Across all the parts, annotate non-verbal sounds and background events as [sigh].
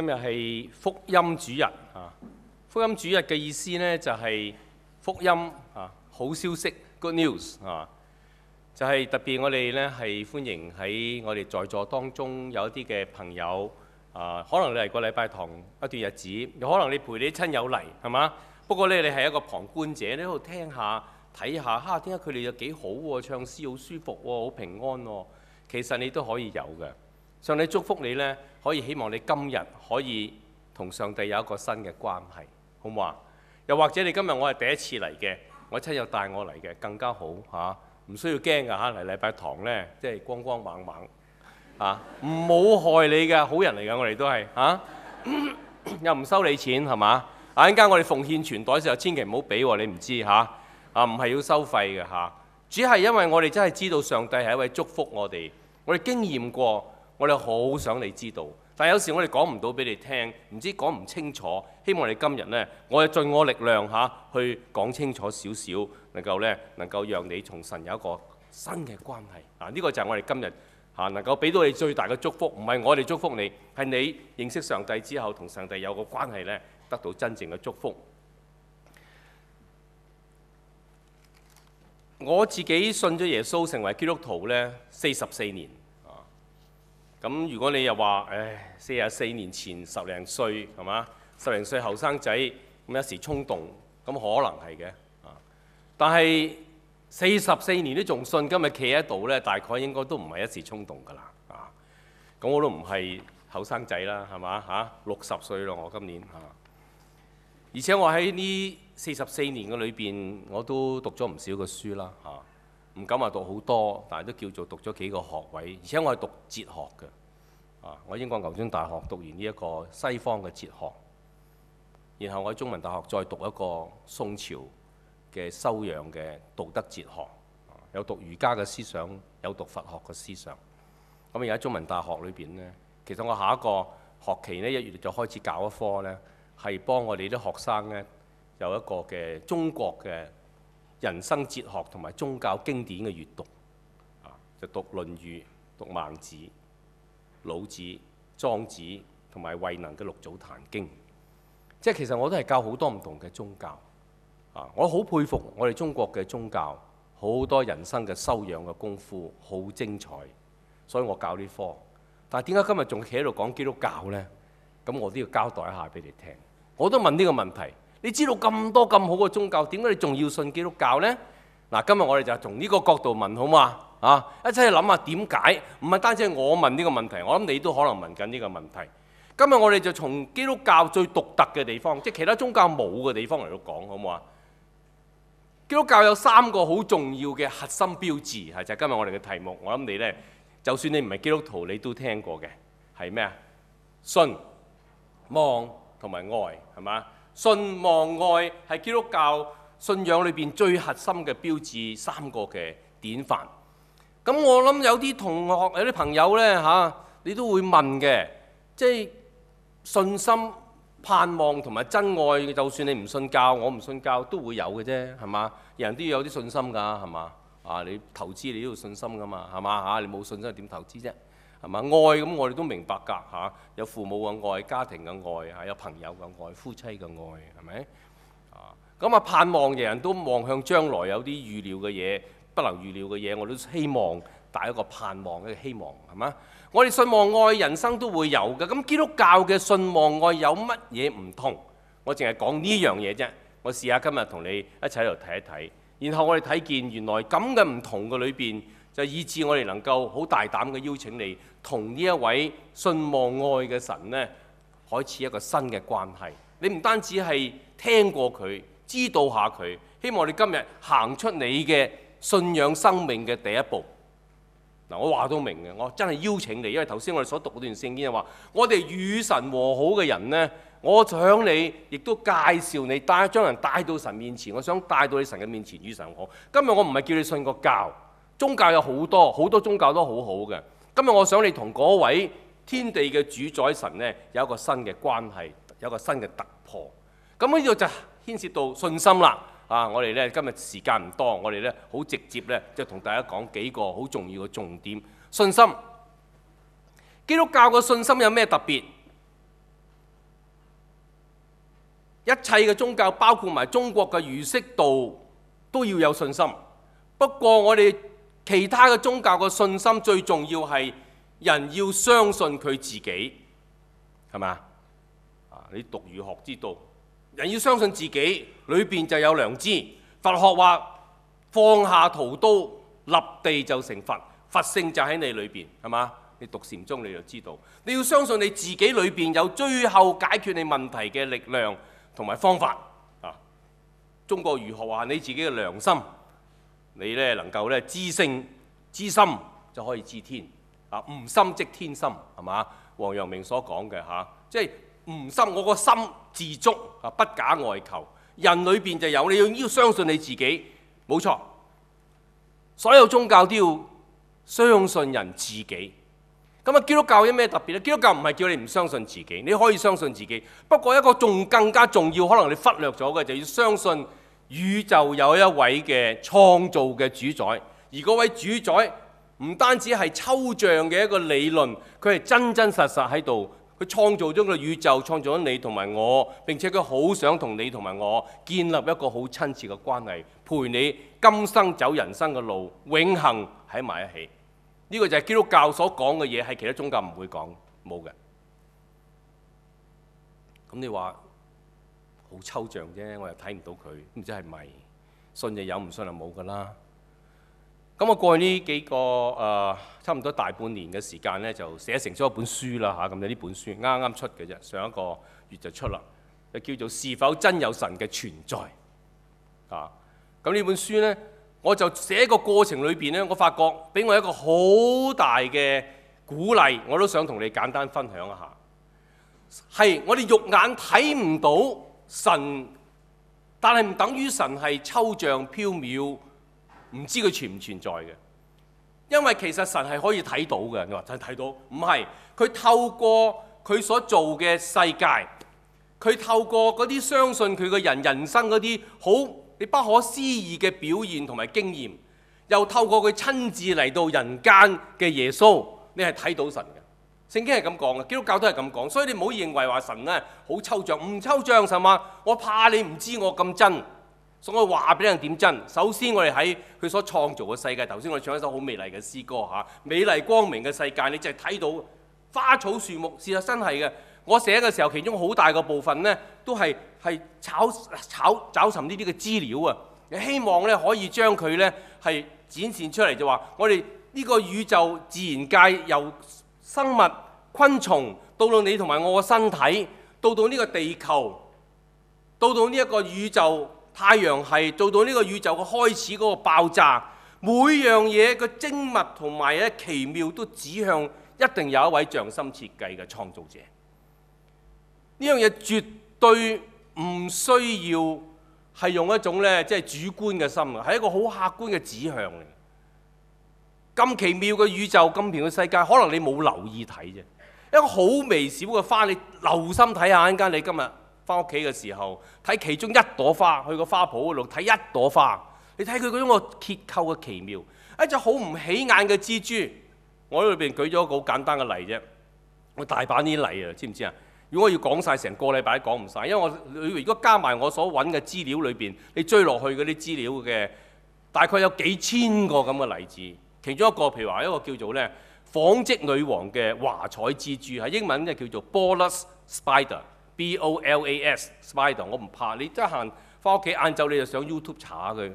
今日係福音主日啊！福音主日嘅意思呢，就係福音啊，好消息 （good news） 啊，就係特別我哋呢，係歡迎喺我哋在座當中有啲嘅朋友啊，可能你嚟個禮拜堂一段日子，有可能你陪你啲親友嚟，係嘛？不過呢，你係一個旁觀者，你喺度聽下、睇下，嚇點解佢哋又幾好喎，啊？唱詩好舒服喎，啊，好平安喎，啊，其實你都可以有嘅。上帝祝福你呢，可以希望你今日可以同上帝有一個新嘅關係，好唔好啊？又或者你今日我係第一次嚟嘅，我親友帶我嚟嘅，更加好嚇，唔、啊、需要驚㗎嚇。嚟禮拜堂呢，即係光光猛猛啊，唔好害你嘅好人嚟㗎，我哋都係嚇、啊， [coughs] 又唔收你錢係嘛？陣間我哋奉獻全袋時候，千祈唔好俾你唔知嚇啊，唔係要收費㗎嚇，只係因為我哋真係知道上帝係一位祝福我哋，我哋經驗過。我哋好想你知道，但係有時我哋講唔到俾你聽，唔知講唔清楚。希望你今日呢，我哋盡我力量下去講清楚少少，能夠呢能夠讓你同神有一個新嘅關係。啊，呢個就係我哋今日下能夠俾到你最大嘅祝福，唔係我哋祝福你，係你認識上帝之後同上帝有個關係呢，得到真正嘅祝福。我自己信咗耶穌成為基督徒呢，四十四年。咁如果你又話，唉，四十四年前十零歲係嘛，十零歲後生仔，咁一時衝動，咁可能係嘅啊。但係四十四年都仲信，今日企喺度咧，大概應該都唔係一時衝動㗎啦啊。咁我都唔係後生仔啦，係嘛嚇，六十歲咯我今年啊。而且我喺呢四十四年嘅裏邊，我都讀咗唔少嘅書啦啊。唔敢話讀好多，但係都叫做讀咗幾個學位，而且我係讀哲學嘅啊！我喺英國牛津大學讀完呢一個西方嘅哲學，然後我喺中文大學再讀一個宋朝嘅修養嘅道德哲學，有讀儒家嘅思想，有讀佛學嘅思想。咁而喺中文大學裏邊呢，其實我下一個學期呢，一月就開始教一科呢，係幫我哋啲學生呢，有一個嘅中國嘅。人生哲學同埋宗教經典嘅閱讀，啊，就讀《論語》、讀《孟子》、《老子》、《莊子》同埋慧能嘅六祖壇經，即係其實我都係教好多唔同嘅宗教，啊，我好佩服我哋中國嘅宗教，好多人生嘅修養嘅功夫好精彩，所以我教呢科。但係點解今日仲企喺度講基督教呢？咁我都要交代一下俾你聽。我都問呢個問題。你知道咁多咁好嘅宗教，點解你仲要信基督教呢？嗱，今日我哋就從呢個角度問好嘛啊！一齊去諗下點解？唔係單止係我問呢個問題，我諗你都可能問緊呢個問題。今日我哋就從基督教最獨特嘅地方，即係其他宗教冇嘅地方嚟到講好嘛。基督教有三個好重要嘅核心標誌，係就係今日我哋嘅題目。我諗你呢，就算你唔係基督徒，你都聽過嘅係咩啊？信、望同埋愛，係嘛？信望愛係基督教信仰裏邊最核心嘅標誌，三個嘅典範。咁我諗有啲同學有啲朋友呢，嚇、啊，你都會問嘅，即係信心、盼望同埋真愛。就算你唔信教，我唔信教都會有嘅啫，係嘛？人都要有啲信心㗎，係嘛？啊，你投資你都要信心㗎嘛，係嘛？嚇，你冇信心點投資啫？係嘛？愛，咁我哋都明白㗎，嚇，有父母嘅愛，家庭嘅愛啊，有朋友嘅愛，夫妻嘅愛係咪？啊，咁啊盼望，人人都望向將來有啲預料嘅嘢，不能預料嘅嘢，我都希望帶一個盼望嘅希望係嗎？我哋信望愛人生都會有嘅，咁基督教嘅信望愛有乜嘢唔同？我淨係講呢樣嘢啫，我試下今日同你一齊喺度睇一睇，然後我哋睇見原來咁嘅唔同嘅裏邊。就以致我哋能夠好大膽嘅邀請你同呢一位信望愛嘅神咧，開始一個新嘅關係。你唔單止係聽過佢，知道下佢，希望你今日行出你嘅信仰生命嘅第一步。嗱，我話都明嘅，我真係邀請你，因為頭先我哋所讀嗰段聖經就話，我哋與神和好嘅人咧，我想你亦都介紹你，帶，將人帶到神面前。我想帶到你神嘅面前與神和好。今日我唔係叫你信個教。宗教有好多，好多宗教都好好嘅。今日我想你同嗰位天地嘅主宰神咧，有一個新嘅關係，有個新嘅突破。咁呢度就牽涉到信心啦。啊，我哋咧今日時間唔多，我哋咧好直接咧就同大家講幾個好重要嘅重點。信心，基督教嘅信心有咩特別？一切嘅宗教，包括埋中國嘅儒釋道，都要有信心。不過我哋。其他嘅宗教嘅信心最重要係人要相信佢自己，係嘛？啊，你讀儒學之道，人要相信自己，裏邊就有良知。佛學話放下屠刀，立地就成佛，佛性就喺你裏邊，係嘛？你讀禪宗你就知道，你要相信你自己裏邊有最後解決你問題嘅力量同埋方法。啊，中國儒學話你自己嘅良心，你咧能夠咧知性知心就可以知天啊，吾心即天心，係嘛？王陽明所講嘅嚇，即係吾心，我個心自足啊，不假外求。人裏邊就有，你要要相信你自己，冇錯。所有宗教都要相信人自己。咁啊，基督教有咩特別咧？基督教唔係叫你唔相信自己，你可以相信自己。不過一個仲更加重要，可能你忽略咗嘅，就要相信。宇宙有一位嘅創造嘅主宰，而嗰位主宰唔單止係抽象嘅一個理論，佢係真真實實喺度，佢創造咗個宇宙，創造咗你同埋我，並且佢好想同你同埋我建立一個好親切嘅關係，陪你今生走人生嘅路，永恆喺埋一起。呢個就係基督教所講嘅嘢，係其他宗教唔會講，冇嘅。咁你話？好抽象啫，我又睇唔到佢，唔知係咪信就有，唔信就冇㗎啦。咁我過去呢幾個誒、呃，差唔多大半年嘅時間呢，就寫成咗一本書啦吓。咁、啊、呢本書啱啱出嘅啫，上一個月就出啦，就叫做《是否真有神嘅存在》啊。咁呢本書呢，我就寫個過程裏邊呢，我發覺俾我一個好大嘅鼓勵，我都想同你簡單分享一下，係我哋肉眼睇唔到神，但係唔等於神係抽象、飄渺，唔知佢存唔存在嘅。因為其實神係可以睇到嘅，你話真係睇到？唔係，佢透過佢所做嘅世界，佢透過嗰啲相信佢嘅人人生嗰啲好你不可思議嘅表現同埋經驗，又透過佢親自嚟到人間嘅耶穌，你係睇到神嘅。聖經係咁講嘅，基督教都係咁講，所以你唔好認為話神咧好抽象，唔抽象，神話我怕你唔知我咁真，所以我話俾你點真。首先我哋喺佢所創造嘅世界，頭先我哋唱一首好美麗嘅詩歌嚇，美麗光明嘅世界，你真係睇到花草樹木，事實真係嘅。我寫嘅時候，其中好大個部分呢都係係找找找尋呢啲嘅資料啊，希望咧可以將佢咧係展現出嚟，就話我哋呢個宇宙自然界又生物、昆蟲，到到你同埋我個身體，到到呢個地球，到到呢一個宇宙太陽系，太陽系做到呢個宇宙嘅開始嗰個爆炸，每樣嘢嘅精密同埋咧奇妙，都指向一定有一位匠心設計嘅創造者。呢樣嘢絕對唔需要係用一種咧即係主觀嘅心，係一個好客觀嘅指向嚟。咁奇妙嘅宇宙，咁平嘅世界，可能你冇留意睇啫。一個好微小嘅花，你留心睇下，一陣間你今日翻屋企嘅時候，睇其中一朵花，去個花圃嗰度睇一朵花，你睇佢嗰種個結構嘅奇妙。一隻好唔起眼嘅蜘蛛，我喺裏邊舉咗一個好簡單嘅例啫。我大把呢啲例啊，知唔知啊？如果我要講晒，成個禮拜都講唔晒，因為我如果加埋我所揾嘅資料裏邊，你追落去嗰啲資料嘅，大概有幾千個咁嘅例子。其中一個，譬如話一個叫做咧紡織女王嘅華彩蜘蛛，係英文嘅叫做 Bolas Spider，B O L A S Spider, B-O-L-A-S, spider 我。我唔怕你得閒翻屋企晏晝你就上 YouTube 查下佢。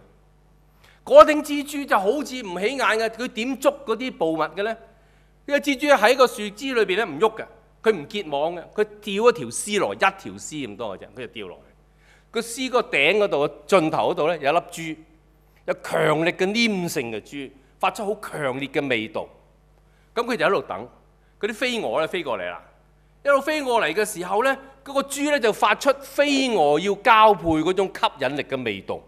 嗰頂蜘蛛就好似唔起眼嘅，佢點捉嗰啲捕物嘅咧？呢個蜘蛛喺個樹枝裏邊咧唔喐嘅，佢唔結網嘅，佢吊一條絲落，一條絲咁多嘅啫，佢就掉落去。個絲個頂嗰度啊，盡頭嗰度咧有一粒珠，有強力嘅黏性嘅珠。發出好強烈嘅味道，咁佢就喺度等，嗰啲飛蛾咧飛過嚟啦，一路飛過嚟嘅時候呢，嗰、嗰個豬咧就發出飛蛾要交配嗰種吸引力嘅味道，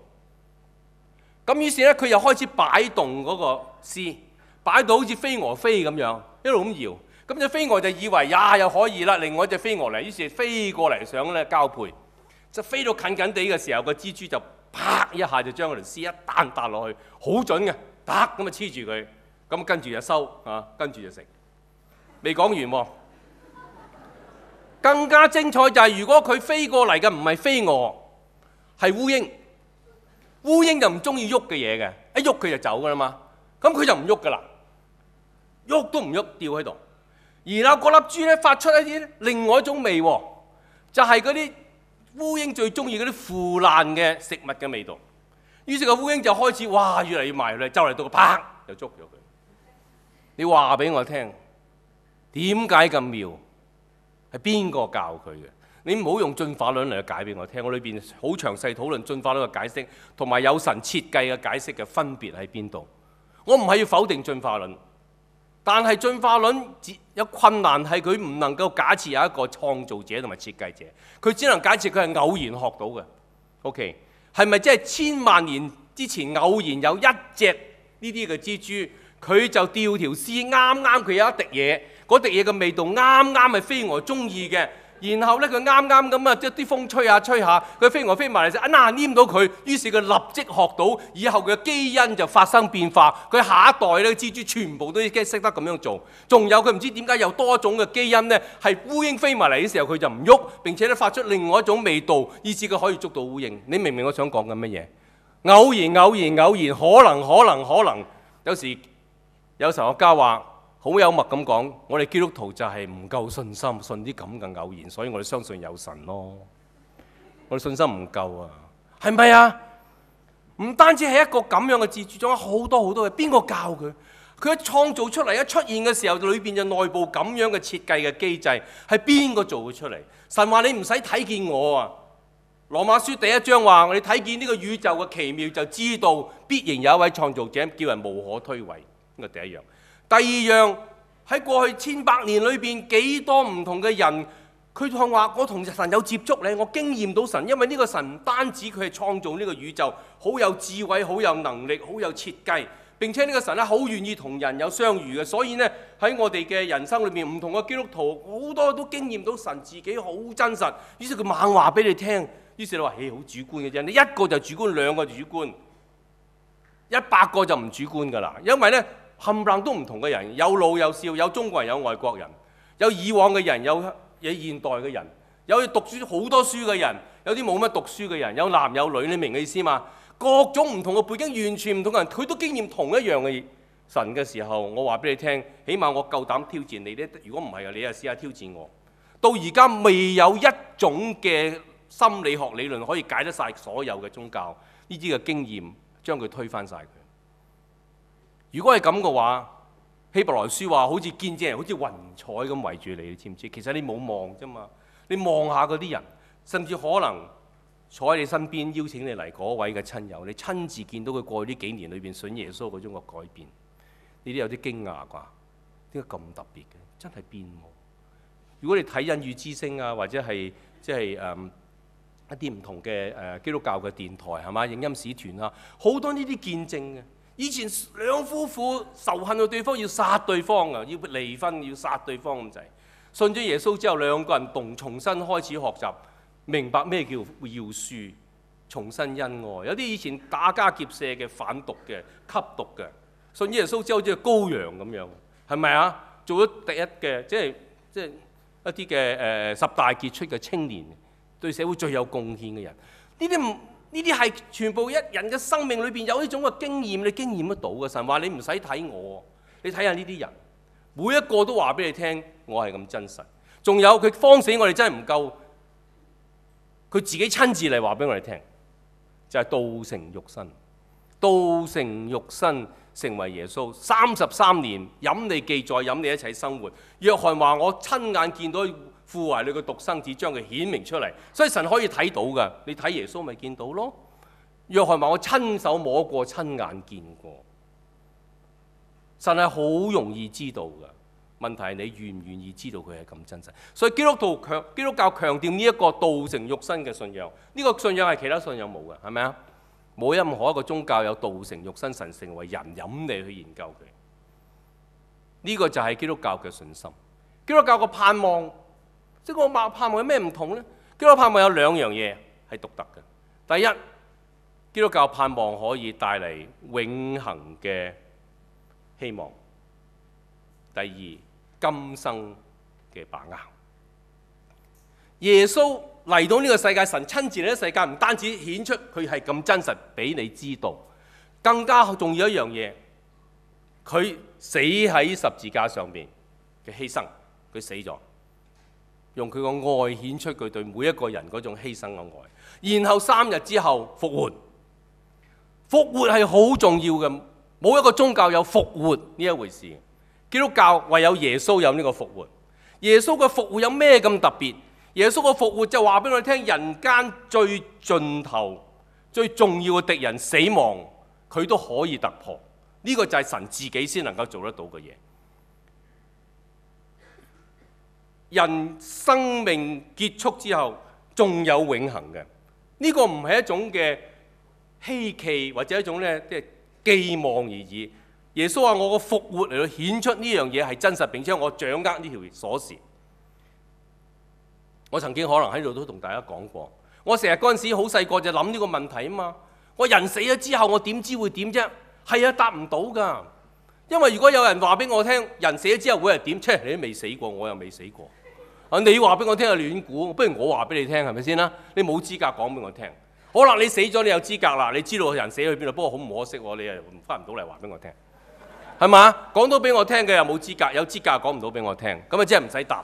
咁於是呢，佢又開始擺動嗰個絲，擺到好似飛蛾飛咁樣，一路咁搖，咁隻飛蛾就以為呀又可以啦，另外一隻飛蛾嚟，於是飛過嚟想咧交配，就飛到近近地嘅時候，嗰個蜘蛛就啪一下就將嗰條絲一彈彈落去，好準嘅。得咁啊，黐住佢，咁跟住就收嚇，啊，跟住就食。未講完喎，哦，更加精彩就係、是，如果佢飛過嚟嘅唔係飛蛾，係烏蠅。烏蠅就唔中意喐嘅嘢嘅，一喐佢就走㗎啦嘛。咁佢就唔喐㗎啦，喐都唔喐，吊喺度。然後嗰粒珠呢，發出一啲另外一種味喎，就係嗰啲烏蠅最中意嗰啲腐爛嘅食物嘅味道。於是個烏蠅就開始，哇，越嚟越埋落周，就嚟到佢，啪就捉咗佢。你話俾我聽，點解咁妙？係邊個教佢嘅？你唔好用進化論嚟去解俾我聽。我裏邊好詳細討論進化論嘅解釋同埋有神設計嘅解釋嘅分別喺邊度？我唔係要否定進化論，但係進化論有困難係佢唔能夠假設有一個創造者同埋設計者，佢只能假設佢係偶然學到嘅。OK。係咪即係千萬年之前偶然有一隻呢啲嘅蜘蛛，佢就掉條絲，啱啱佢有一滴嘢，嗰滴嘢嘅味道啱啱係飛蛾中意嘅？然後咧，佢啱啱咁啊，即啲風吹下吹下，佢飛蛾飛埋嚟先，啊、嗯、嗱黏到佢，於是佢立即學到，以後佢嘅基因就發生變化，佢下一代咧蜘蛛全部都已經識得咁樣做。仲有佢唔知點解有多種嘅基因咧，係烏蠅飛埋嚟嘅時候佢就唔喐，並且咧發出另外一種味道，以至佢可以捉到烏蠅。你明唔明我想講緊乜嘢？偶然、偶然、偶然，可能、可能、可能，有時有時候神學家話。好幽默咁講，我哋基督徒就係唔夠信心信啲咁嘅偶然，所以我哋相信有神咯。我哋信心唔夠啊，係咪啊？唔單止係一個咁樣嘅自主，仲有好多好多嘢。邊個教佢？佢一創造出嚟一出現嘅時候，裏邊就內部咁樣嘅設計嘅機制，係邊個做嘅出嚟？神話你唔使睇見我啊！羅馬書第一章話我哋睇見呢個宇宙嘅奇妙，就知道必然有一位創造者，叫人無可推諉。呢個第一樣。第二樣，喺過去千百年裏邊幾多唔同嘅人，佢仲話我同神有接觸呢，我經驗到神，因為呢個神唔單止佢係創造呢個宇宙，好有智慧，好有能力，好有設計。並且呢個神呢，好願意同人有相遇嘅，所以呢，喺我哋嘅人生裏面，唔同嘅基督徒好多都經驗到神自己好真實。於是佢猛話俾你聽，於是你話：嘿、哎，好主觀嘅啫！你一個就主觀，兩個就主觀，一百個就唔主觀噶啦，因為呢。冚唪唥都唔同嘅人，有老有少，有中國人有外國人，有以往嘅人有現代嘅人，有讀書好多書嘅人，有啲冇乜讀書嘅人，有男有女，你明嘅意思嘛？各種唔同嘅背景，完全唔同嘅人，佢都經驗同一樣嘅神嘅時候，我話俾你聽，起碼我夠膽挑戰你咧。如果唔係啊，你又試下挑戰我。到而家未有一種嘅心理學理論可以解得晒所有嘅宗教呢啲嘅經驗，將佢推翻晒。如果係咁嘅話，《希伯來書》話好似見證人，好似雲彩咁圍住你，你知唔知？其實你冇望啫嘛，你望下嗰啲人，甚至可能坐喺你身邊，邀請你嚟嗰位嘅親友，你親自見到佢過去呢幾年裏邊，信耶穌嘅種個改變，呢啲有啲驚訝啩？點解咁特別嘅？真係變喎！如果你睇《恩雨之聲》啊，或者係即係誒一啲唔同嘅誒、呃、基督教嘅電台係嘛影音使團啊，好多呢啲見證嘅。以前兩夫婦仇恨到對方要殺對方啊，要離婚要殺對方咁滯。信咗耶穌之後，兩個人同重新開始學習，明白咩叫饒恕，重新恩愛。有啲以前打家劫舍嘅、販毒嘅、吸毒嘅，信耶穌之後好似羔羊咁樣，係咪啊？做咗第一嘅，即係即係一啲嘅誒十大傑出嘅青年，對社會最有貢獻嘅人。呢啲呢啲係全部一人嘅生命裏邊有呢種嘅經驗，你經驗得到嘅神話，你唔使睇我，你睇下呢啲人，每一個都話俾你聽，我係咁真實。仲有佢慌死我哋真係唔夠，佢自己親自嚟話俾我哋聽，就係、是、道成肉身，道成肉身成為耶穌三十三年飲你記載，飲你一齊生活。約翰話我親眼見到。父係、啊、你個獨生子，將佢顯明出嚟，所以神可以睇到噶你睇耶穌咪見到咯？約翰話我親手摸過、親眼見過，神係好容易知道噶問題係你願唔願意知道佢係咁真實？所以基督徒強，基督教強調呢一個道成肉身嘅信仰。呢個信仰係其他信仰冇噶係咪啊？冇任何一個宗教有道成肉身、神成為人，引你去研究佢。呢個就係基督教嘅信心。基督教嘅盼望。即係個盼望有咩唔同呢？基督教盼望有兩樣嘢係獨特嘅。第一，基督教盼望可以帶嚟永恒嘅希望；第二，今生嘅把握。耶穌嚟到呢個世界，神親自嚟呢個世界，唔單止顯出佢係咁真實俾你知道，更加重要一樣嘢，佢死喺十字架上邊嘅犧牲，佢死咗。用佢嘅愛顯出佢對每一個人嗰種犧牲嘅愛，然後三日之後復活。復活係好重要嘅，冇一個宗教有復活呢一回事。基督教唯有耶穌有呢個復活。耶穌嘅復活有咩咁特別？耶穌嘅復活就話俾我哋聽，人間最盡頭、最重要嘅敵人死亡，佢都可以突破。呢個就係神自己先能夠做得到嘅嘢。人生命結束之後，仲有永恆嘅。呢個唔係一種嘅希冀，或者一種咧即係寄望而已。耶穌話：我嘅復活嚟到顯出呢樣嘢係真實，並且我掌握呢條鎖匙。我曾經可能喺度都同大家講過，我成日嗰陣時好細個就諗呢個問題啊嘛。我人死咗之後，我點知會點啫？係啊，答唔到㗎。因為如果有人話俾我聽，人死咗之後會係點？切，你都未死過，我又未死過。啊，你話俾我聽又亂估，不如我話俾你聽，係咪先啦？你冇資格講俾我聽。好啦，你死咗，你有資格啦，你知道人死去邊度。不過好唔可惜，你又翻唔到嚟話俾我聽，係嘛？講到俾我聽嘅又冇資格，有資格講唔到俾我聽。咁啊，即係唔使答。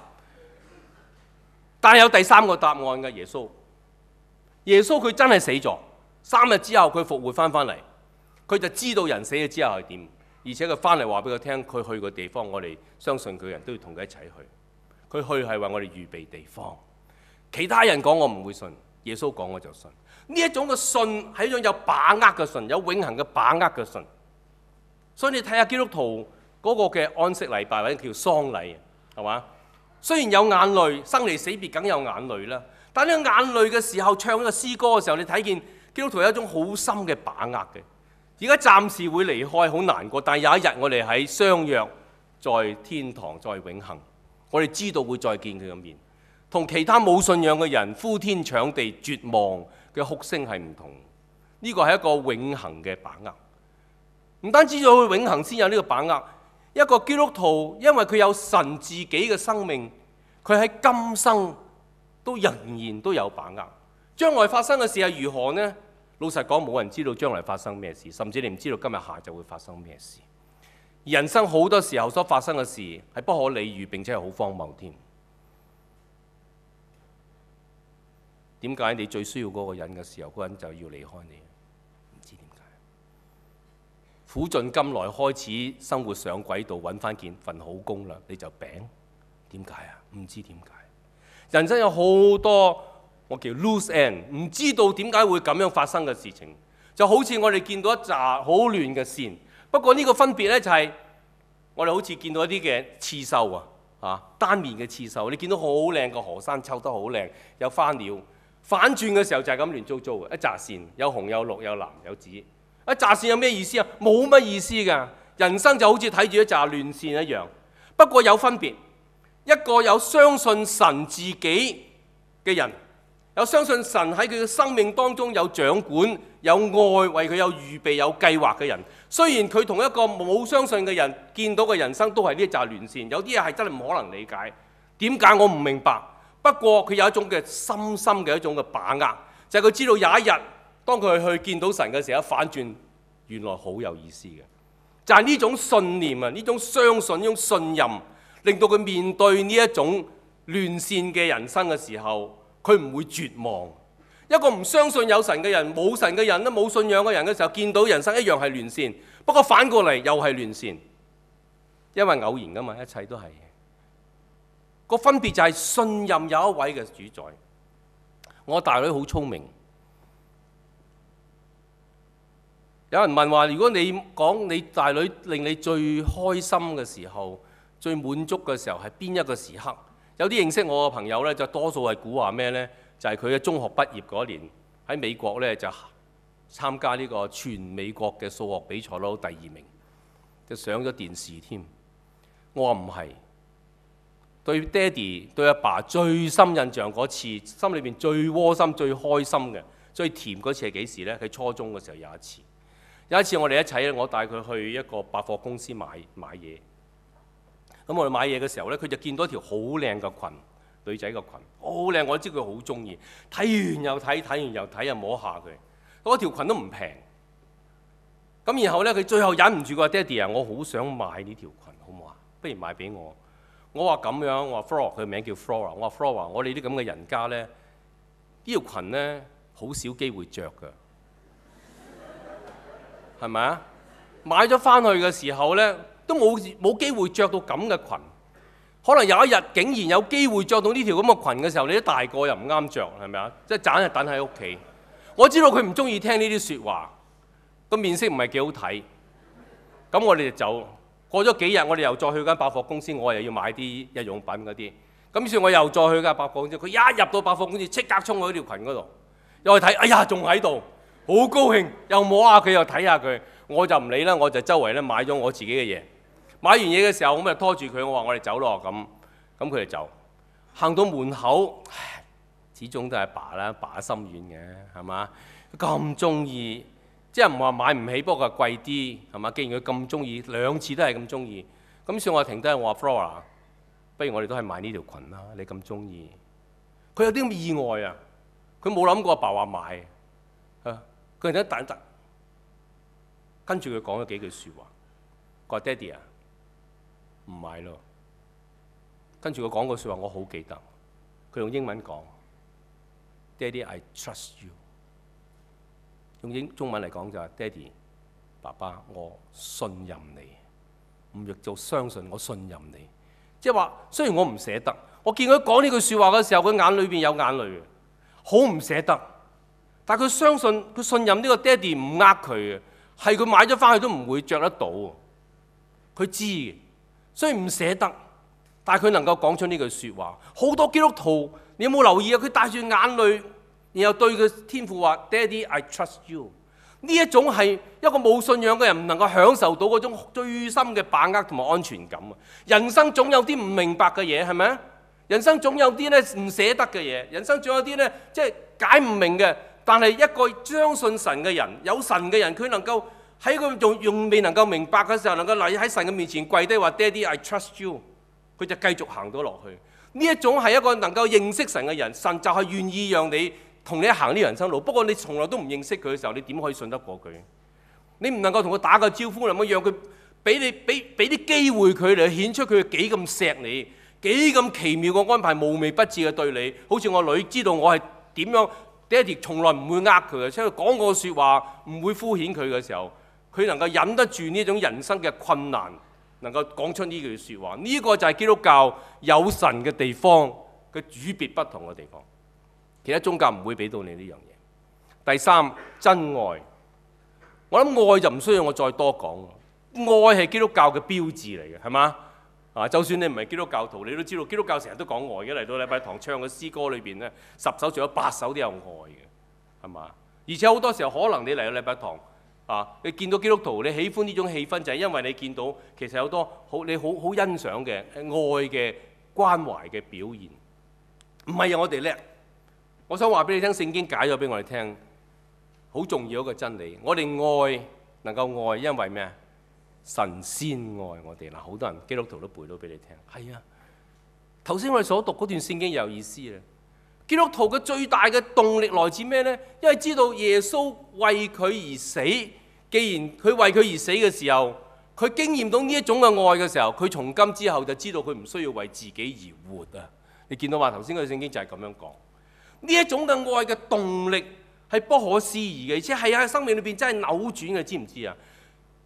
但係有第三個答案嘅，耶穌，耶穌佢真係死咗，三日之後佢復活翻翻嚟，佢就知道人死咗之後係點。而且佢翻嚟話俾我聽，佢去個地方，我哋相信佢嘅人都要同佢一齊去。佢去係為我哋預備地方。其他人講我唔會信，耶穌講我就信。呢一種嘅信係一種有把握嘅信，有永恆嘅把握嘅信。所以你睇下基督徒嗰個嘅安息禮拜或者叫喪禮，係嘛？雖然有眼淚，生離死別梗有眼淚啦。但係呢眼淚嘅時候唱嘅詩歌嘅時候，你睇見基督徒有一種好深嘅把握嘅。而家暫時會離開，好難過，但有一日我哋喺相約，在天堂，在永恆我哋知道會再見佢嘅面，同其他冇信仰嘅人呼天搶地、絕望嘅哭聲係唔同。呢個係一個永恆嘅把握，唔單止要永恆先有呢個把握。一個基督徒，因為佢有神自己嘅生命，佢喺今生都仍然都有把握。將來發生嘅事係如何呢？老實講，冇人知道將來發生咩事，甚至你唔知道今日下晝會發生咩事。人生好多時候所發生嘅事係不可理喻，並且係好荒謬添。點解你最需要嗰個人嘅時候，嗰人就要離開你？唔知點解。苦盡甘來，開始生活上軌道，揾翻件份好工啦，你就病？點解啊？唔知點解。人生有好多。我叫 loose end，唔知道點解會咁樣發生嘅事情，就好似我哋見到一紮好亂嘅線。不過呢個分別呢就係我哋好似見到一啲嘅刺繡啊，啊單面嘅刺繡，你見到好靚嘅河山，湊得好靚，有花鳥。反轉嘅時候就係咁亂糟糟嘅一紮線，有紅有綠有藍有紫。一紮線有咩意思啊？冇乜意思㗎。人生就好似睇住一紮亂線一樣，不過有分別。一個有相信神自己嘅人。有相信神喺佢嘅生命當中有掌管、有愛、為佢有預備、有計劃嘅人。雖然佢同一個冇相信嘅人見到嘅人生都係呢一拃亂線，有啲嘢係真係唔可能理解，點解我唔明白？不過佢有一種嘅深深嘅一種嘅把握，就係佢知道有一日當佢去見到神嘅時候，反轉原來好有意思嘅。就係呢種信念啊，呢種相信、呢種信任，令到佢面對呢一種亂線嘅人生嘅時候。佢唔會絕望。一個唔相信有神嘅人、冇神嘅人、都冇信仰嘅人嘅時候，見到人生一樣係亂線。不過反過嚟又係亂線，因為偶然㗎嘛，一切都係。個分別就係信任有一位嘅主宰。我大女好聰明。有人問話：如果你講你大女令你最開心嘅時候、最滿足嘅時候係邊一個時刻？有啲認識我嘅朋友咧，就多數係估話咩呢？就係佢嘅中學畢業嗰年，喺美國咧就參加呢個全美國嘅數學比賽攞第二名，就上咗電視添。我話唔係，對爹哋對阿爸爸最深印象嗰次，心裏面最窩心最開心嘅，最甜嗰次係幾時呢？喺初中嗰時候有一次，有一次我哋一齊咧，我帶佢去一個百貨公司買買嘢。咁我哋買嘢嘅時候咧，佢就見到一條好靚嘅裙，女仔嘅裙，好靚，我知佢好中意。睇完又睇，睇完又睇，又摸下佢。嗰條裙都唔平。咁然後咧，佢最後忍唔住，佢話：爹哋啊，我好想買呢條裙，好唔好啊？不如買俾我。我話咁樣，我話 Flora，佢名叫 Flora。我話 Flora，我哋啲咁嘅人家咧，呢條裙咧，好少機會着㗎，係咪啊？買咗翻去嘅時候咧。都冇冇機會着到咁嘅裙，可能有一日竟然有機會着到呢條咁嘅裙嘅時候，你一大個又唔啱着，係咪啊？即係盞係等喺屋企。我知道佢唔中意聽呢啲説話，個面色唔係幾好睇。咁我哋就走。過咗幾日，我哋又再去間百貨公司，我又要買啲日用品嗰啲。咁於是我又再去間百貨公司，佢一入到百貨公司即刻衝去條裙嗰度，又去睇，哎呀，仲喺度，好高興，又摸一下佢，又睇下佢，我就唔理啦，我就周圍咧買咗我自己嘅嘢。買完嘢嘅時候，我咪拖住佢，我話，我哋走咯。咁，咁佢哋就行到門口，始終都係爸啦，爸心軟嘅，係嘛？佢咁中意，即係唔話買唔起，不過貴啲，係嘛？既然佢咁中意，兩次都係咁中意，咁所以我停低，我話 Flora，不如我哋都係買呢條裙啦，你咁中意。佢有啲意外啊，佢冇諗過阿爸話買，佢突然間突跟住佢講咗幾句説話，佢話爹哋啊。爸爸唔係咯，跟住佢講個説話，我好記得。佢用英文講爹哋，I trust you。用英中文嚟講就係爹哋，爸爸，我信任你。吳若就相信我信任你，即係話雖然我唔捨得，我見佢講呢句説話嘅時候，佢眼裏邊有眼淚呀，好唔捨得。但係佢相信佢信任呢個爹哋唔呃佢呀，係佢買咗翻去都唔會着得到。佢知嘅。雖然唔捨得，但係佢能夠講出呢句説話。好多基督徒，你有冇留意啊？佢帶住眼淚，然後對佢天父話：爹哋，I trust you。呢一種係一個冇信仰嘅人唔能夠享受到嗰種最深嘅把握同埋安全感啊！人生總有啲唔明白嘅嘢，係咪？人生總有啲咧唔捨得嘅嘢，人生總有啲咧即係解唔明嘅。但係一個相信神嘅人，有神嘅人，佢能夠。喺佢仲仲未能夠明白嘅時候，能夠嚟喺神嘅面前跪低話：爹哋，I trust you。佢就繼續行到落去。呢一種係一個能夠認識神嘅人，神就係願意讓你同你行呢人生路。不過你從來都唔認識佢嘅時候，你點可以信得過佢？你唔能夠同佢打個招呼，能夠讓佢俾你俾俾啲機會佢嚟顯出佢幾咁錫你，幾咁奇妙嘅安排、無微不至嘅對你。好似我女知道我係點樣，爹哋從來唔會呃佢，所以講過説話唔會敷衍佢嘅時候。佢能夠忍得住呢種人生嘅困難，能夠講出呢句説話，呢個就係基督教有神嘅地方，佢與別不同嘅地方。其他宗教唔會俾到你呢樣嘢。第三，真愛。我諗愛就唔需要我再多講。愛係基督教嘅標誌嚟嘅，係嘛？啊，就算你唔係基督教徒，你都知道基督教成日都講愛嘅。嚟到禮拜堂唱嘅詩歌裏邊咧，十首仲有八首都有愛嘅，係嘛？而且好多時候可能你嚟到禮拜堂。啊！你見到基督徒，你喜歡呢種氣氛，就係因為你見到其實有好多好你好好欣賞嘅愛嘅關懷嘅表現。唔係啊！我哋叻。我想話俾你聽，聖經解咗俾我哋聽，好重要一個真理。我哋愛能夠愛，因為咩？神先愛我哋嗱，好多人基督徒都背到俾你聽。係啊，頭先我哋所讀嗰段聖經有意思啊。基督徒嘅最大嘅動力來自咩呢？因為知道耶穌為佢而死，既然佢為佢而死嘅時候，佢經驗到呢一種嘅愛嘅時候，佢從今之後就知道佢唔需要為自己而活啊！你見到話頭先嗰段聖經就係咁樣講，呢一種嘅愛嘅動力係不可思議嘅，而且係喺生命裏邊真係扭轉嘅，知唔知啊？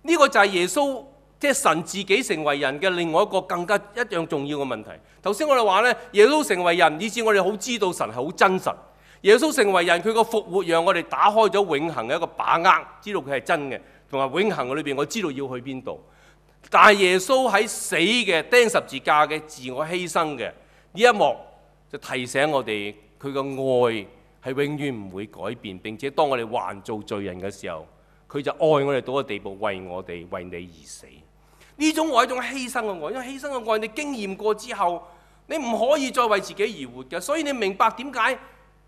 呢個就係耶穌。即係神自己成為人嘅另外一個更加一樣重要嘅問題。頭先我哋話咧，耶穌成為人，以致我哋好知道神係好真實。耶穌成為人，佢個復活讓我哋打開咗永恒嘅一個把握，知道佢係真嘅，同埋永恒嘅裏邊，我知道要去邊度。但係耶穌喺死嘅釘十字架嘅自我犧牲嘅呢一幕，就提醒我哋佢嘅愛係永遠唔會改變，並且當我哋還做罪人嘅時候，佢就愛我哋到個地步，為我哋，為你而死。呢種我係一種犧牲嘅愛，因為犧牲嘅愛你經驗過之後，你唔可以再為自己而活嘅。所以你明白點解？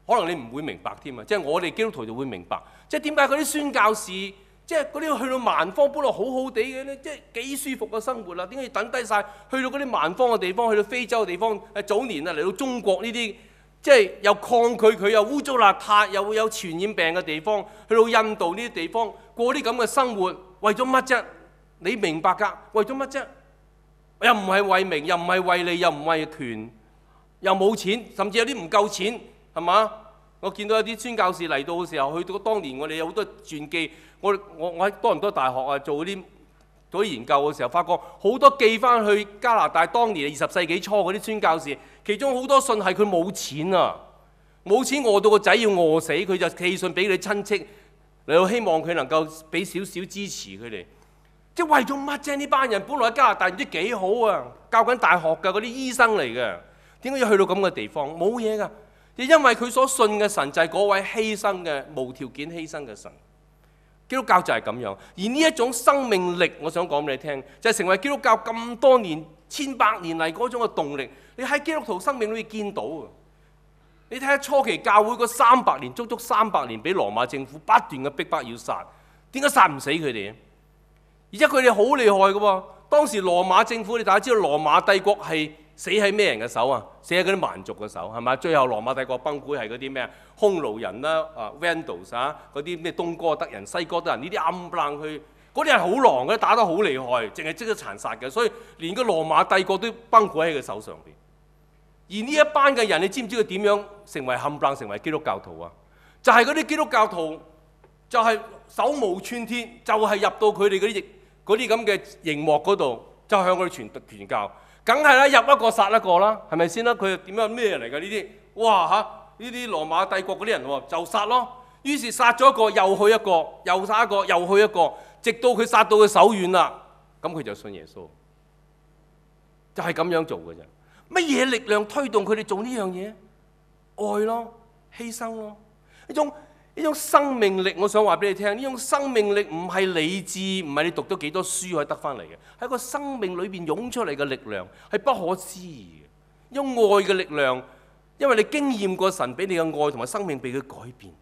可能你唔會明白添啊，即係我哋基督徒就會明白。即係點解嗰啲宣教士，即係嗰啲去到萬方本來好好地嘅咧，即係幾舒服嘅生活啦。點解要等低晒？去到嗰啲萬方嘅地方，去到非洲嘅地方，誒早年啊嚟到中國呢啲，即係又抗拒佢，又污糟邋遢，又會有傳染病嘅地方，去到印度呢啲地方過啲咁嘅生活，為咗乜啫？你明白㗎？為咗乜啫？又唔係為名，又唔係為利，又唔係為權，又冇錢，甚至有啲唔夠錢，係嘛？我見到有啲宣教士嚟到嘅時候，去到當年我哋有好多傳記，我我我喺多倫多大學啊做啲做啲研究嘅時候，發覺好多寄翻去加拿大當年二十世紀初嗰啲宣教士，其中好多信係佢冇錢啊，冇錢餓到個仔要餓死，佢就寄信俾佢親戚嚟到，希望佢能夠俾少少支持佢哋。即係為咗乜啫？呢班人本來喺加拿大唔知幾好啊，教緊大學嘅嗰啲醫生嚟嘅，點解要去到咁嘅地方？冇嘢噶，就因為佢所信嘅神就係嗰位犧牲嘅、無條件犧牲嘅神。基督教就係咁樣，而呢一種生命力，我想講俾你聽，就係成為基督教咁多年、千百年嚟嗰種嘅動力。你喺基督徒生命裏邊見到啊！你睇下初期教會嗰三百年，足足三百年俾羅馬政府不斷嘅逼迫要殺，點解殺唔死佢哋？而且佢哋好厲害嘅喎、啊，當時羅馬政府，你大家知道羅馬帝國係死喺咩人嘅手啊？死喺嗰啲蠻族嘅手係咪？最後羅馬帝國崩潰係嗰啲咩啊？匈奴人啦啊，Vandals 啊，嗰啲咩東哥德人、西哥德人呢啲冚唪唥去，嗰啲人好狼嘅，打得好厲害，淨係即係殘殺嘅，所以連個羅馬帝國都崩潰喺佢手上邊。而呢一班嘅人，你知唔知佢點樣成為冚唪唥成為基督教徒啊？就係嗰啲基督教徒就，就係手無寸鐵，就係入到佢哋嗰啲嗰啲咁嘅營幕嗰度，就向佢傳傳教，梗係啦，入一個殺一個啦，係咪先啦？佢點樣咩嚟㗎？呢啲，哇嚇！呢啲羅馬帝國嗰啲人喎，就殺咯。於是殺咗一個，又去一個，又殺一個，又去一個，直到佢殺到佢手軟啦，咁佢就信耶穌，就係咁樣做嘅啫。乜嘢力量推動佢哋做呢樣嘢？愛咯，犧牲咯，呢種。呢種生命力，我想話俾你聽，呢種生命力唔係理智，唔係你讀咗幾多書可以得翻嚟嘅，係一個生命裏邊湧出嚟嘅力量，係不可思議嘅，用愛嘅力量，因為你經驗過神俾你嘅愛同埋生命俾佢改變。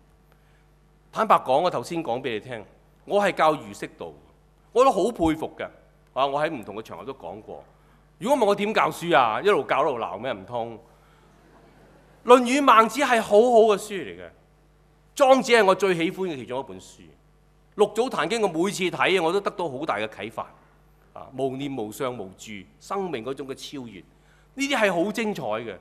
坦白講，我頭先講俾你聽，我係教儒釋道，我都好佩服嘅，啊，我喺唔同嘅場合都講過。如果問我點教書啊，一路教一路鬧咩唔通？《論語》《孟子》係好好嘅書嚟嘅。莊子係我最喜歡嘅其中一本書，《六祖壇經》我每次睇我都得到好大嘅啟發。啊，無念、無相、無住，生命嗰種嘅超越，呢啲係好精彩嘅。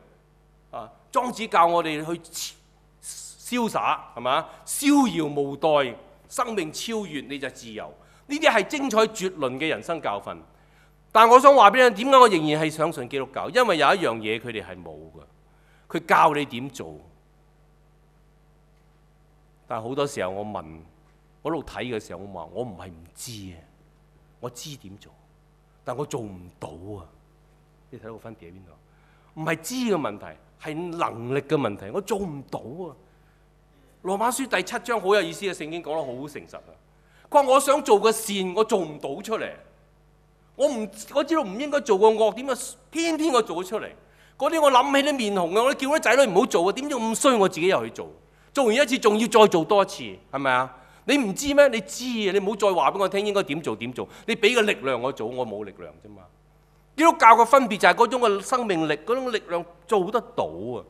啊，莊子教我哋去瀟灑，係嘛？逍遙無待，生命超越你就自由。呢啲係精彩絕倫嘅人生教訓。但我想話俾你聽，點解我仍然係相信基督教？因為有一樣嘢佢哋係冇嘅，佢教你點做。但係好多時候，我問我時候，我問嗰度睇嘅時候，我話：我唔係唔知啊，我知點做，但我做唔到啊！你睇我分別喺邊度？唔係知嘅問題，係能力嘅問題。我做唔到啊！羅馬書第七章好有意思嘅，聖經講得好好誠實啊！佢話：我想做嘅善，我做唔到出嚟。我唔我知道唔應該做嘅惡，點解偏偏我做咗出嚟？嗰啲我諗起都面紅啊！我都叫啲仔女唔好做啊！點知咁衰，我自己又去做。做完一次仲要再做多一次，係咪啊？你唔知咩？你知啊！你唔好再話俾我聽應該點做點做。你俾個力量我做，我冇力量啫嘛。基督教嘅分別就係嗰種嘅生命力，嗰種力量做得到啊！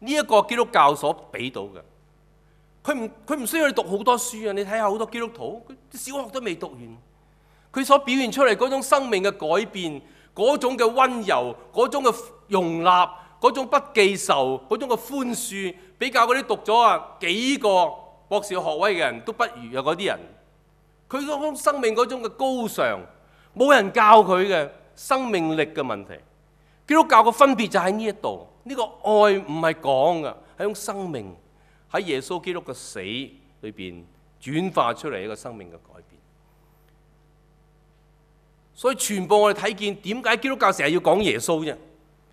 呢一個基督教所俾到嘅，佢唔佢唔需要你讀好多書啊！你睇下好多基督徒，小學都未讀完，佢所表現出嚟嗰種生命嘅改變，嗰種嘅温柔，嗰種嘅容納。嗰種不記仇，嗰種嘅寬恕，比較嗰啲讀咗啊幾個博士學位嘅人都不如嘅嗰啲人，佢嗰種生命嗰種嘅高尚，冇人教佢嘅生命力嘅問題。基督教嘅分別就喺呢一度，呢、呢個愛唔係講㗎，係用生命喺耶穌基督嘅死裏邊轉化出嚟一個生命嘅改變。所以全部我哋睇見點解基督教成日要講耶穌啫？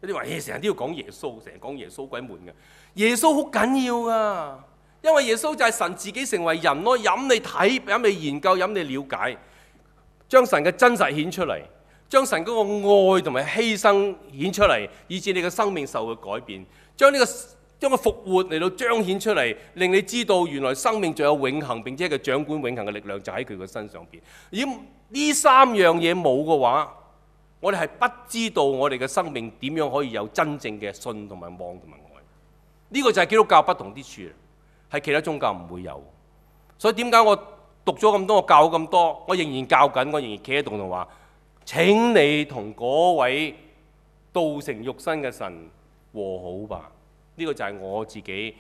啲話，成、哎、日都要講耶穌，成日講耶穌鬼悶嘅。耶穌好緊要噶、啊，因為耶穌就係神自己成為人咯，任你睇，任你研究，任你了解，將神嘅真實顯出嚟，將神嗰個愛同埋犧牲顯出嚟，以至你嘅生命受嘅改變。將呢、這個將個復活嚟到彰顯出嚟，令你知道原來生命仲有永恒，並且個掌管永恒嘅力量就喺佢嘅身上邊。如果呢三樣嘢冇嘅話，我哋係不知道我哋嘅生命點樣可以有真正嘅信同埋望同埋愛。呢個就係基督教不同之處，係其他宗教唔會有。所以點解我讀咗咁多，我教咁多，我仍然教緊，我仍然企喺度同話：請你同嗰位道成肉身嘅神和好吧。呢個就係我自己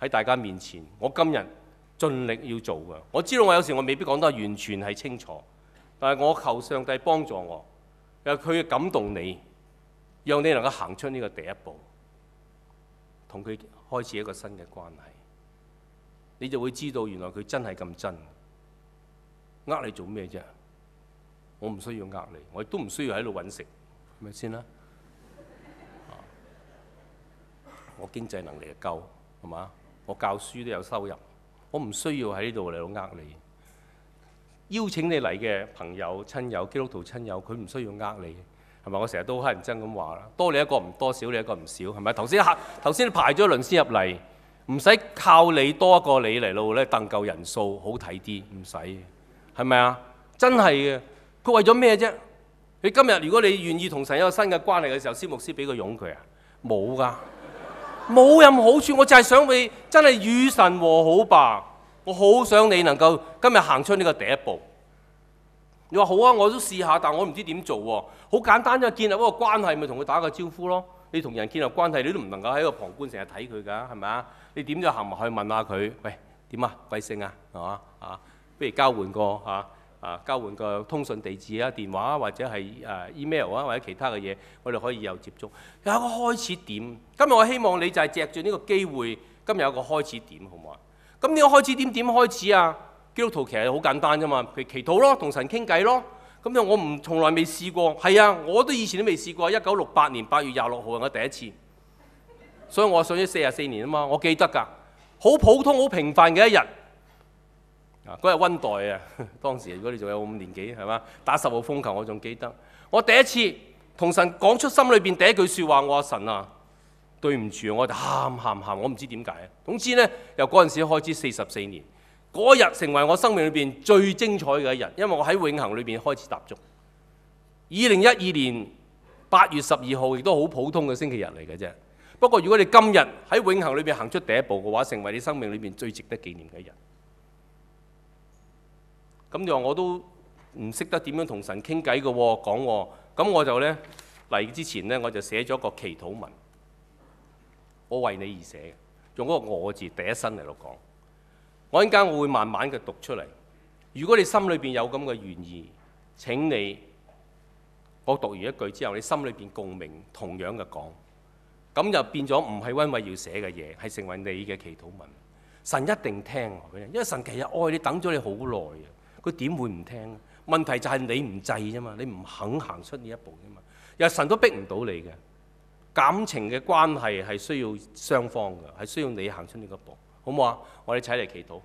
喺大家面前，我今日盡力要做嘅。我知道我有時我未必講得完全係清楚，但係我求上帝幫助我。又佢嘅感動你，讓你能夠行出呢個第一步，同佢開始一個新嘅關係，你就會知道原來佢真係咁真，呃你做咩啫？我唔需要呃你，我亦都唔需要喺度揾食，係咪先啦。 [laughs] 我經濟能力夠，係嘛？我教書都有收入，我唔需要喺呢度嚟到呃你。邀請你嚟嘅朋友、親友、基督徒親友，佢唔需要呃你，係咪？我成日都乞人憎咁話啦，多你一個唔多，少你一個唔少，係咪？頭先客，頭先排咗一輪先入嚟，唔使靠你多一個你嚟路咧，等夠人數好睇啲，唔使，係咪啊？真係嘅，佢為咗咩啫？你今日如果你願意同神有一個新嘅關係嘅時候，司牧師俾佢擁佢啊，冇㗎，冇任何好處，我就係想你真係與神和好吧。我好想你能夠今日行出呢個第一步你。你話好啊，我都試下，但我唔知點做。好啊，簡單就建立嗰個關係咪同佢打個招呼咯。你同人建立關係，你都唔能夠喺個旁觀成日睇佢㗎，係咪啊？你點就行埋去問下佢，喂點啊？貴姓啊？係嘛啊？不如交換個嚇啊，啊，啊，交換個通訊地址啊、電話或者係誒 email 啊或者其他嘅嘢，我哋可以有接觸。有個開始點，今日我希望你就係借住呢個機會，今日有個開始點，好唔好啊？咁你一開始點點開始啊？基督徒其實好簡單啫嘛，譬如祈禱咯，同神傾偈咯。咁樣我唔從來未試過。係啊，我都以前都未試過。一九六八年八月廿六號我第一次，所以我上咗四十四年啊嘛，我記得㗎。好普通好平凡嘅一日，嗰日温代啊，當時如果你仲有五年幾係嘛，打十號風球我仲記得。我第一次同神講出心裏邊第一句説話，我話神啊。對唔住，我哋喊喊喊，我唔知點解。總之呢，由嗰陣時開始四十四年嗰日，成為我生命裏邊最精彩嘅一日，因為我喺永恆裏邊開始踏足。二零一二年八月十二號，亦都好普通嘅星期日嚟嘅啫。不過，如果你今日喺永恆裏邊行出第一步嘅話，成為你生命裏邊最值得紀念嘅一日。咁就話我都唔識得點樣同神傾偈嘅喎，講喎，咁我就呢，嚟之前呢，我就寫咗個祈禱文。我為你而寫嘅，用嗰、那個我字第一身嚟到講。我一陣間我會慢慢嘅讀出嚟。如果你心裏邊有咁嘅願意，請你我讀完一句之後，你心裏邊共鳴同樣嘅講，咁就變咗唔係温偉耀寫嘅嘢，係成為你嘅祈禱文。神一定聽，因為神其實愛你，等咗你好耐啊。佢點會唔聽？問題就係你唔制啫嘛，你唔肯行出呢一步啫嘛。又神都逼唔到你嘅。感情嘅關係係是需要雙方嘅，係需要你行出呢個步，好唔好啊？我哋一齊嚟祈禱。